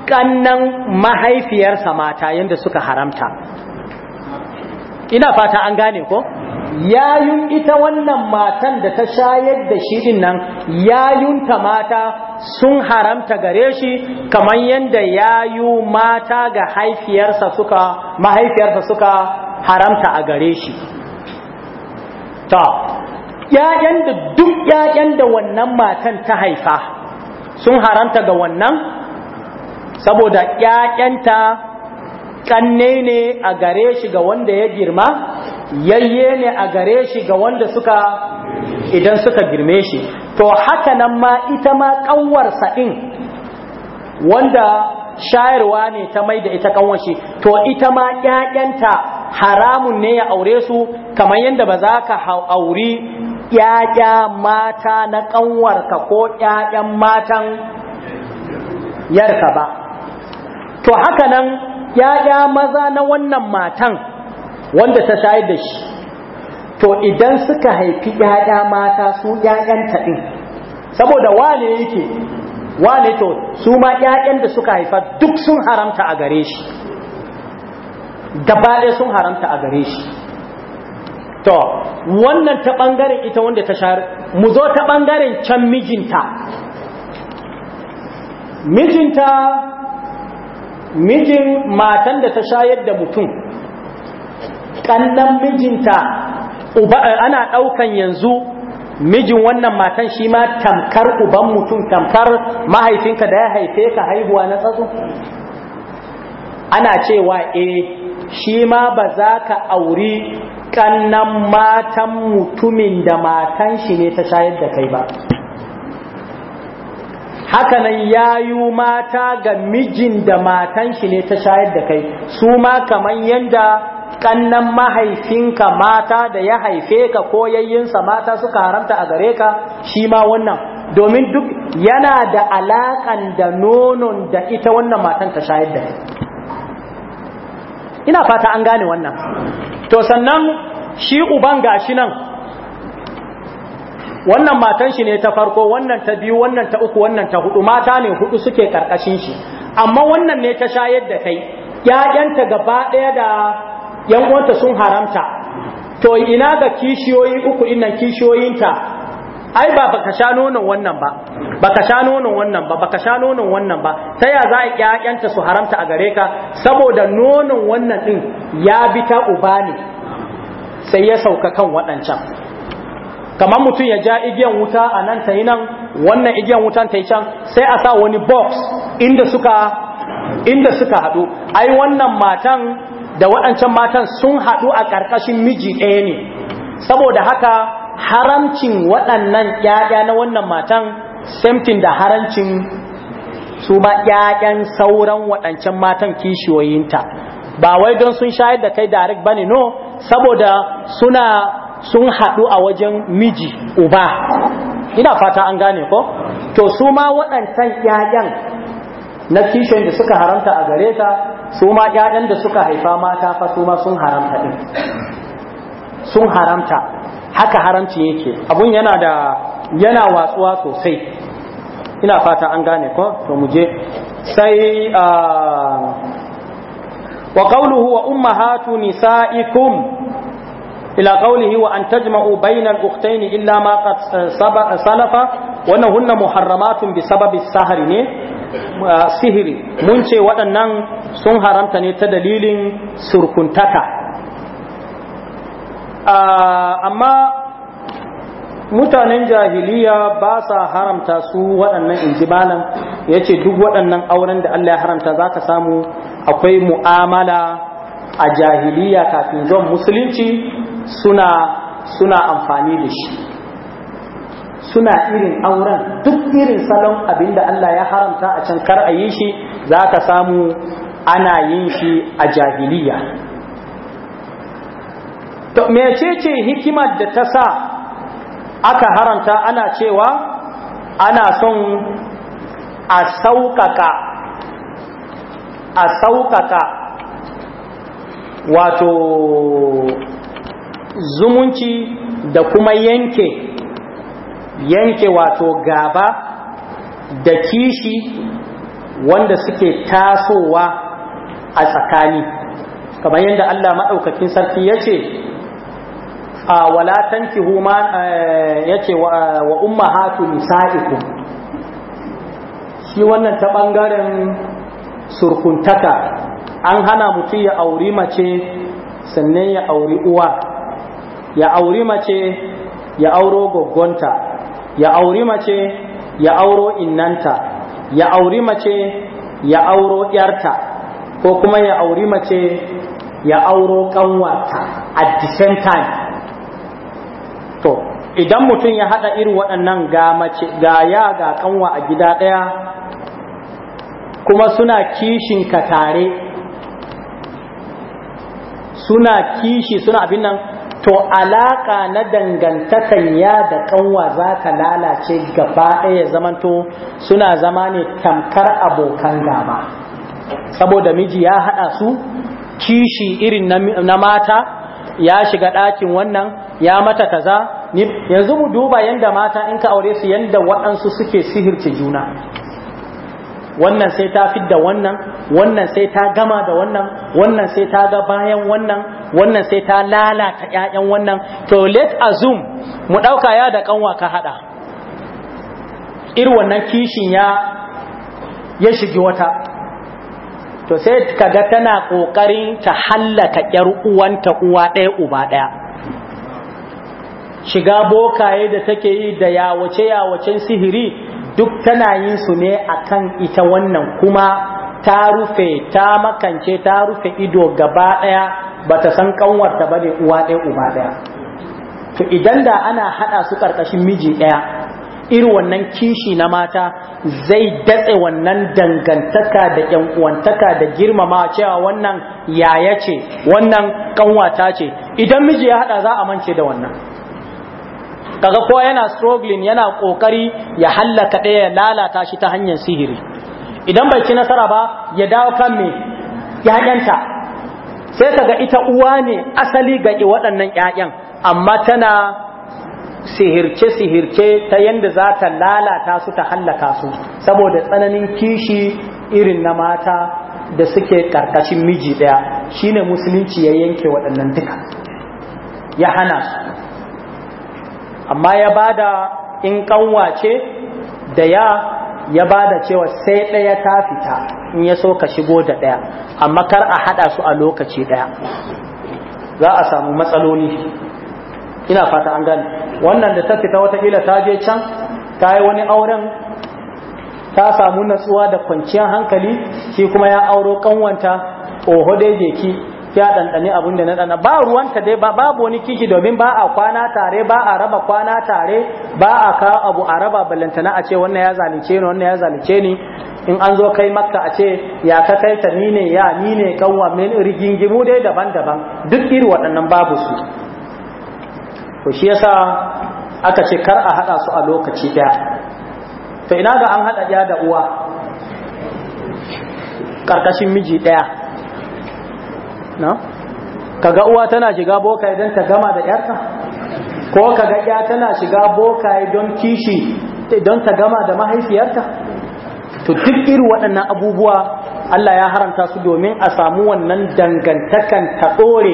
kannan mahaifiyarsa mata yadda suka haramta ina fata an gane ko yayun ita wannan matan da ta shayar da shi nan yayunta mata sun haramta gare shi kamar yadda yayu mata ga haifiyarsa suka mahaifiyarsa suka haramta a gare shi ta yayan da duk yayan da wannan matan ta haifa sun haramta ga wannan saboda ƴaƴanta ƙanne ne a gare shi ga wanda ya girma yayye ne a gare shi ga wanda suka idan suka girme shi to haka nan ma ita ma ƙanwarsa ɗin wanda shayarwa ne ta mai da ita ƙanwar shi to ita ma ƴaƴanta haramun ne ya aure su kamar yadda ba za ka auri ƴaƴa mata na ƙanwarka ko ƴaƴan matan yarka ba to haka nan ‘ya'ya maza na wannan matan wanda ta shayar da shi to idan suka haifi ‘ya'ya mata su ‘ya'yan ɗin, saboda wane yake wane to su ma ‘ya'yan da suka haifa duk sun haramta a gare shi gabaɗe sun haramta a gare shi to wannan ta ɓangaren ita wanda ta shayar mu zo ta ɓangaren can mijinta mijinta mijin matan da ta shayar da mutum ƙannan mijinta ana ɗaukan yanzu mijin wannan matan shi ma tamkar uban mutum tamkar mahaifinka da ya haife ka haihuwa na tsatsu ana cewa eh shi ma ba za ka auri ƙannan matan mutumin da matan shi ne ta shayar da kai ba Haka hakanan yayu mata ga mijin da matan shi ne ta shayar da kai su ma kaman yanda kannan mahaifinka mata da ya haife ka ko yayyinsa mata suka haramta a gare ka shi ma wannan domin duk yana da alakan da nonon da ita wannan matan ta shayar da ina fata an gane wannan to sannan shi uban gashi nan wannan matan shi ne ta farko wannan ta biyu wannan ta uku wannan ta hudu mata ne hudu suke karkashin shi amma wannan ne ta shayar da kai 'ya'yanta gaba ɗaya da yan uwanta sun haramta to ina ga kishiyoyi uku innan kishiyoyinta ai ba baka sha nonon wannan ba baka sha nonon wannan ba baka sha nonon wannan ba ta ya za a ƴaƴanta su haramta a gare ka saboda nonon wannan din ya bi ta uba ne sai ya sauka kan waɗancan kamar mutum ya ja igiyan wuta a nan ta yi nan wannan igiyan wutan ta yi can sai a sa wani box inda suka inda suka haɗu ai wannan matan da waɗancan matan sun haɗu a ƙarƙashin miji ɗaya ne saboda haka haramcin waɗannan ƴaƴa na wannan matan samtin da haramcin su ba ƴaƴan sauran waɗancan matan kishiyoyinta ba wai don sun shayar da kai direct bane no saboda suna sun haɗu a wajen miji uba ina fata an gane ko to su ma waɗancan ƴaƴan na kishin da suka haramta a gare ta su ma ƴaƴan da suka haifa mata fa su ma sun haramta din sun haramta haka haramci yake abun yana da yana watsuwa sosai ina fata an gane ko to mu je sai wa qawluhu wa ummahatu nisaikum ila qawlihi wa an tajma'u bainal ukhtaini illa ma qad salafa wannan hunna muharramatun bi sababi sahari ne sihiri mun ce waɗannan sun haramta ne ta dalilin surkuntaka amma mutanen jahiliya ba sa haramta su waɗannan injibalan ya ce duk waɗannan auren da Allah ya haramta za ka samu akwai mu'amala a jahiliya kafin zuwan musulunci suna suna amfani da shi suna irin auren duk irin salon abinda Allah ya haramta a can kar a yi shi zaka samu ana yin shi a jahiliya to mecece hikimar da ta sa aka haramta ana cewa ana son a sauƙaƙa a sauƙaƙa wato zumunci da kuma yanke yanke wato gaba da kishi wanda suke tasowa a tsakani kamar yadda Allah maɗaukakin sarki ya ce a walatanki huma eh, ya ce wa umma hatu nisa'iku shi wannan ta ɓangaren surkuntaka an hana mutum ya auri mace sannan ya auri uwa ya auri mace ya auro goggonta ya auri mace ya auro innanta ya auri mace ya auro yarta ko kuma ya auri mace ya auro kanwarta at the same time to idan mutum ya hada irin waɗannan ga mace ga ya ga kanwa a gida ɗaya kuma suna kishin ka tare suna kishi suna abin nan to alaka na dangantakan ya da kanwa za ta lalace gaba ɗaya zamanto suna zama ne tamkar abokan gaba saboda miji ya haɗa su kishi irin na mata ya shiga ɗakin wannan ya mata kaza yanzu mu duba yadda mata in ka aure su yadda waɗansu suke sihirce juna wannan sai ta fidda wannan wannan sai ta gama da wannan wannan sai ta ga bayan wannan wannan sai ta lalata ƴaƴan wannan to let zoom mu ɗauka ya da kanwa ka haɗa ir wannan kishin ya ya shigi wata to sai ka ga tana ƙoƙarin ta hallaka ƴar uwanta uwa ɗaya uba ɗaya shiga bokaye da take yi da yawace yawacen sihiri duk tana yin su ne akan ita wannan kuma ta rufe ta makance ta rufe ido gaba ɗaya ba ta san kanwarta ba ne uwa ɗaya uba ɗaya to idan da ana haɗa su ƙarƙashin miji ɗaya irin wannan kishi na mata zai datse wannan dangantaka da uwantaka da girmama cewa wannan yaya ce wannan kanwata ce idan miji ya haɗa za a mance da wannan kaga ko yana struggling yana ƙoƙari ya hallaka ɗaya ya lalata shi ta hanyar sihiri idan bai ci nasara ba ya dawo kan me ƴaƴanta sai kaga ita uwa ne asali ga waɗannan 'ya'yan. amma tana sihirce sihirce ta yanda za ta lalata su ta hallaka su saboda tsananin kishi irin na mata da suke karkashin miji ɗaya shine musulunci ya yanke waɗannan duka ya hana su amma ya bada in ƙanwace da ya ya bada cewa sai ɗaya ta fita in ya so ka shigo da ɗaya amma kar a haɗa su a lokaci ɗaya za a samu matsaloli ina fata an gane wannan da ta fita watakila ta je can ta yi wani auren ta samu natsuwa da kwanciyar hankali shi kuma ya auro kanwanta oho dai ki ya ɗanɗani abun da na ɗanɗana ba ta dai ba babu wani kiki domin ba a kwana tare ba a raba kwana tare ba a kawo abu a raba ballantana a ce wannan ya zalice ni wannan ya zalice ni in an zo kai makka a ce ya ka kai ta ni ne ya ni ne kanwa min rigingimu dai daban-daban duk iri waɗannan babu su to shi yasa aka ce kar a haɗa su a lokaci ɗaya to ina ga an haɗa ɗaya da uwa ƙarƙashin miji ɗaya na kaga uwa tana shiga bokaye don ta gama da yarka ko kaga ya tana shiga bokaye don kishi don ta gama da mahaifiyarta to duk irin waɗannan abubuwa Allah ya haramta su domin a samu wannan dangantakan ta ɗore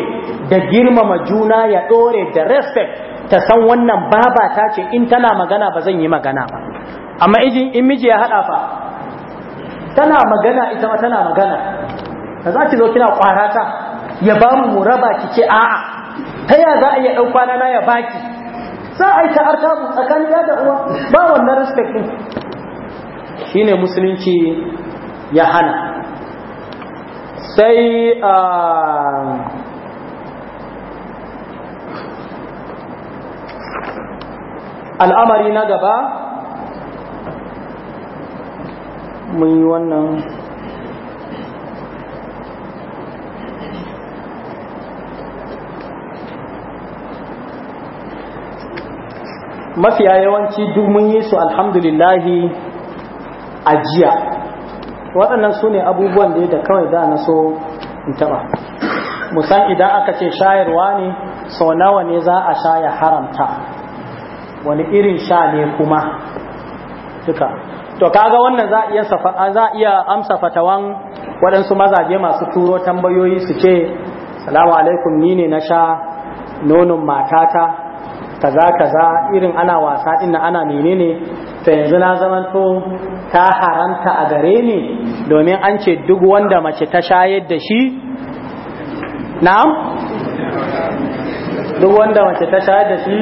da girmama juna ya ɗore da respect ta san wannan baba ta ce in tana magana ba zan yi magana ba amma in miji ya haɗa fa tana magana ita ma tana magana da za ki zo kina kwarata ya ba mu raba ki ce a'a ta ya za a iya ɗan kwana na ya baki za a yi ta'ar mu tsakanin ya da uwa ba wannan respect Shi ne musulunci ya hana sai a al'amari na gaba mun yi wannan mafiya yawanci duk mun yi su alhamdulillahi a jiya waɗannan su ne abubuwan da da kawai da na so in taɓa musan idan aka ce shayarwa ne sau nawa ne za a sha ya haramta wani irin sha ne kuma duka to kaga wannan za iya za iya amsa fatawan waɗansu mazaje masu turo tambayoyi su ce salamu alaikum ni ne na sha nonon matata kaza kaza irin ana wasa dinnan ana menene ta yanzu na zamanto ta haramta a gare ni domin an ce duk wanda mace ta shayar da shi na'am duk wanda mace ta shayar da shi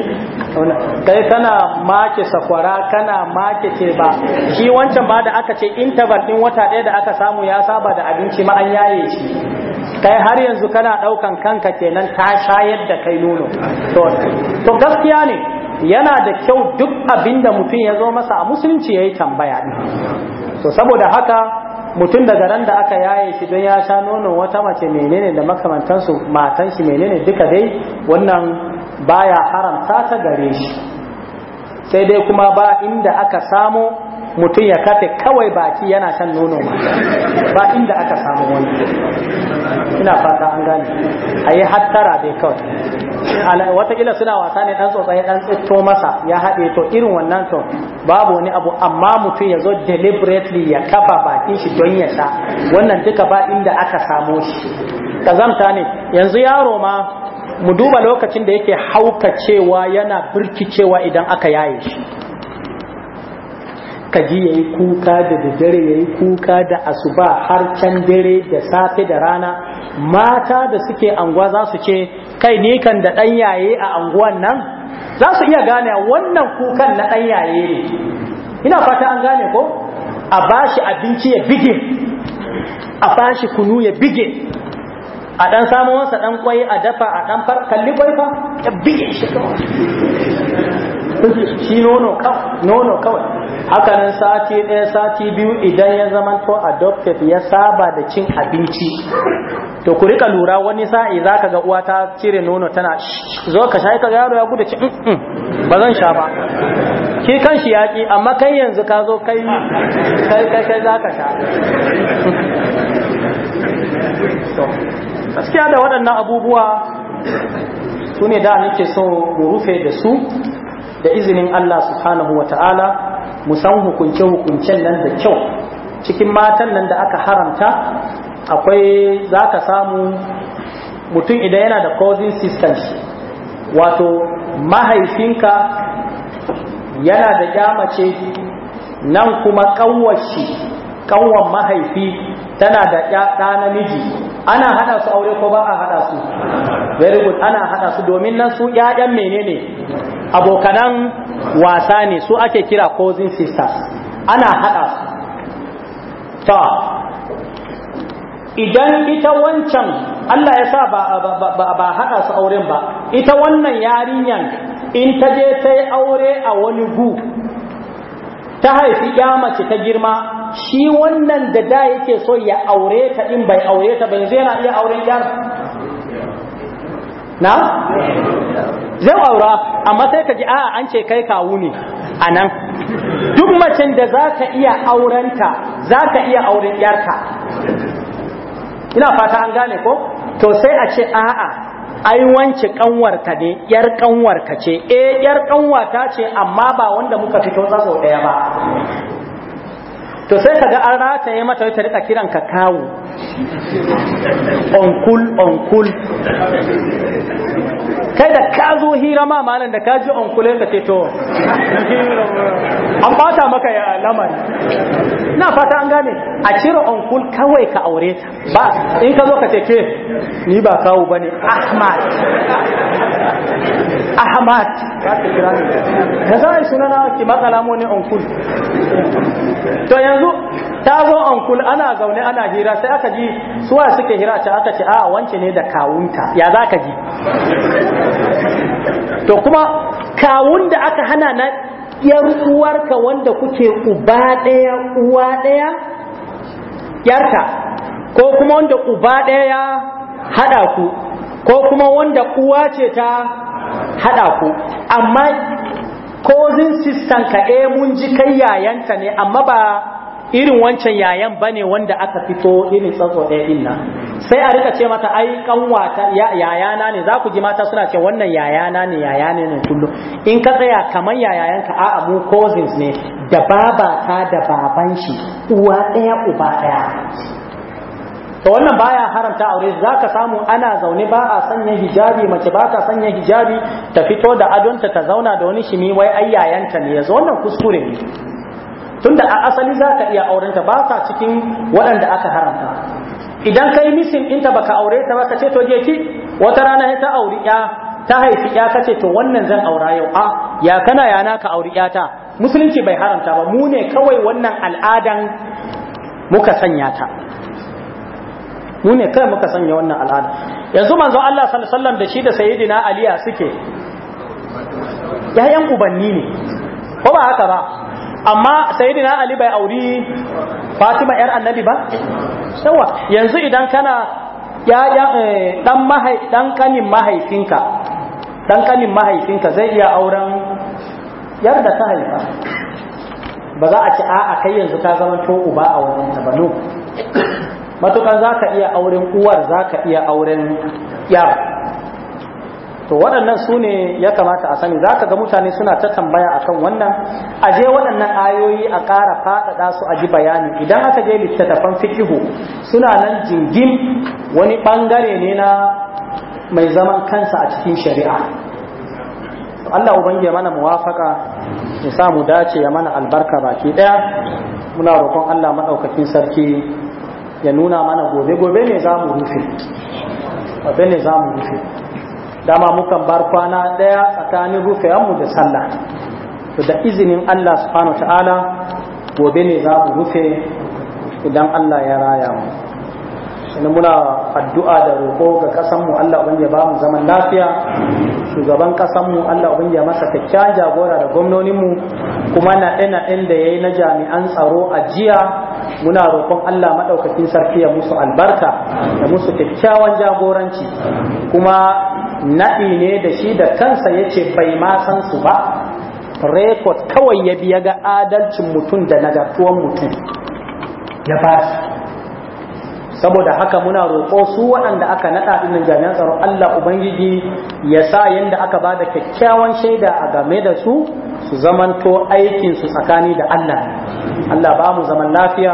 kai kana make sakwara kana make ce ba shi wancan ba da aka ce interval din wata ɗaya da aka samu ya saba da abinci ma an yaye shi kai har yanzu kana ɗaukan kanka kenan ta shayar da kai nono to gaskiya ne yana da kyau duk abinda mutum ya zo masa a musulunci ya yi tambaya to saboda haka mutum daga ran da aka yaye shi don ya sha nono wata mace menene da makamantansu matan shi menene duka dai wannan baya haramta ta gare shi sai dai kuma ba inda aka samu mutum ya kafe kawai baki yana shan nono ma ba inda aka samu wani ina fata an gane a yi hattara dai kawai watakila suna wasa ne dan tsotsaye dan tsito masa ya haɗe to irin wannan to babu wani abu amma mutum ya zo deliberately ya kafa bakin shi don ya sha wannan duka ba inda aka samu shi kazamta ne yanzu yaro ma mu duba lokacin da yake haukacewa yana birkicewa idan aka yaye shi kaji ya yi kuka da dare ya yi kuka da asuba har can dare da safe da rana mata da suke anguwa za su ce kai ni kan da ɗan yaye a anguwan nan za su iya gane wannan kukan na ɗan yaye ne ina fata an gane ko a bashi abinci ya bige a bashi kunu ya bige a dan samu wasa dan kwai a dafa a dan far kalli kwai fa ya bige shi kawai shi nono kawai nono kawai haka nan sati ɗaya sati biyu idan ya zama to adopted ya saba da cin abinci to ku rika lura wani sa'i zaka ga uwa ta cire nono tana zo ka shayi ka yaro ya gudu ci mm, mm, ba zan sha ba ke kan shi yaƙi amma kai yanzu ka zo kai kai kai za ka sha gaskiya da waɗannan abubuwa su ne da nake so mu rufe da su da izinin Allah subhanahu wa ta'ala mu san hukunce-hukuncen nan da kyau cikin matan nan da aka haramta akwai za ka samu mutum idan yana da cousin system wato mahaifinka yana da mace nan kuma ƙanwashi ƙanwan mahaifi tana da ɗa namiji ana hada su aure ko ba a hada su very good ana hada su domin nan su ƴaƴan menene abokanan wasa ne su ake kira cousin sisters ana hada su ta idan ita wancan Allah ya sa ba ba hada su auren ba ita wannan yarinyan in ta je ta aure a wani gu ta haifi ya mace ta girma shi wannan da da yake so ya aure ta in bai aure ta bai zai yana iya auren yar na zai aura amma sai ka ji a an ce kai kawu ne a nan duk macen da za ka iya aurenta za ka iya auren yarka ina fata an gane ko to sai a ce a'a ai wance kanwarka ne yar kanwarka ce eh yar ta ce amma ba wanda muka fito tsaso daya ba to sai kaga an ya mata ta rika kiran ka kawo onkul onkul kai da ka zo hira ma malam da ka ji onkulin ka ke to an bata maka ya lamari na fata an gane a cire onkul kawai ka aure ta ba in ka zo ka ce ni ba kawo bane ahmad ahmad da za a yi sunana ki makala ne onkul to yanzu ta zo onkul ana zaune ana hira sai aka ji suwa suke hira ta aka ce a wance ne da kawunta ya za ka ji to kuma kawun da aka hana na yar uwarka wanda kuke uba ɗaya uwa ɗaya yarta ko kuma wanda uba ɗaya ya haɗa ku ko kuma wanda uwa ce ta haɗa ku amma kozin sistan ka eh mun ji kai yayanta ne amma ba irin wancan yayan bane wanda aka fito irin tsatso ɗaya ɗin nan sai a rika ce mata ai kanwata yayana ne za ku ji mata suna ce wannan yayana ne yayana ne kullum in ka tsaya kamar yayanka a'a mu cousins ne da babata da baban shi uwa ɗaya uba ɗaya to wannan baya haramta aure zaka samu ana zaune ba a sanya hijabi mace ba ka sanya hijabi ta fito da adonta ta zauna da wani shimi wai ayyayanta ne yazo wannan kuskure ne tunda a asali zaka iya aurenta ba ka cikin waɗanda aka haramta idan kai misin inta baka aure ta ba ka ce to je ki wata rana ta auri ya ta haifi ya kace to wannan zan aura yau a ah, ya kana ya naka auri ya ta musulunci bai haramta ba mu ne kawai wannan al'adan muka sanya ta mu ne kai muka sanya wannan al'ada yanzu manzo Allah sallallahu alaihi da shi da sayyidina Ali suke yayan ubanni ne ko ba haka ba amma sayyidina Ali bai auri Fatima yar annabi ba sawa yanzu idan kana ya dan eh, mahai dan kanin mahaifinka dan kanin mahaifinka zai iya auren yar da ta haifa ba za a ci a'a kai yanzu ka zama to uba a wurin ta matukan za ka iya auren uwar za ka iya auren yar to waɗannan su ne ya kamata a sani za ka ga mutane suna ta tambaya akan wannan aje waɗannan ayoyi a ƙara faɗaɗa su a ji bayani idan aka je littattafan fikihu suna nan jingin wani ɓangare ne na mai zaman kansa a cikin shari'a Allah ubangi ya mana muwafaka ya samu dace ya mana albarka baki ɗaya muna roƙon Allah madaukakin sarki ya nuna mana gobe gobe ne za mu rufe gobe ne za mu rufe dama mukan bar kwana ɗaya tsakanin rufewanmu da sallah to da izinin Allah subhanahu ta'ala gobe ne za mu rufe idan Allah ya raya mu sani muna addu'a da roƙo ga ƙasanmu Allah abin ya ba mu zaman lafiya shugaban ƙasanmu Allah abin ya masa kyakkyawan jagora da gwamnoninmu kuma na ɗana inda da ya yi na jami'an tsaro a jiya muna roƙon Allah maɗaukakin sarki ya musu albarka da musu kyakkyawan jagoranci kuma naɗi ne da shi da kansa ya ce bai ma san su ba rekod kawai ya biya ga adalcin mutum da nagartuwan mutum ya ba su saboda haka muna roƙo su waɗanda aka naɗa ɗinnan jami'an tsaro Allah Ubangiji ya sa yadda aka ba da kyakkyawan shaida a game da su su zamanto aikinsu tsakani da Allah Allah ba mu zaman lafiya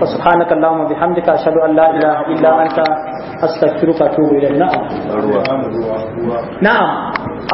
wa subhanaka Allahumma bihamdika ashhadu an la ilaha illa anta astaghfiruka wa atubu ilayk na'am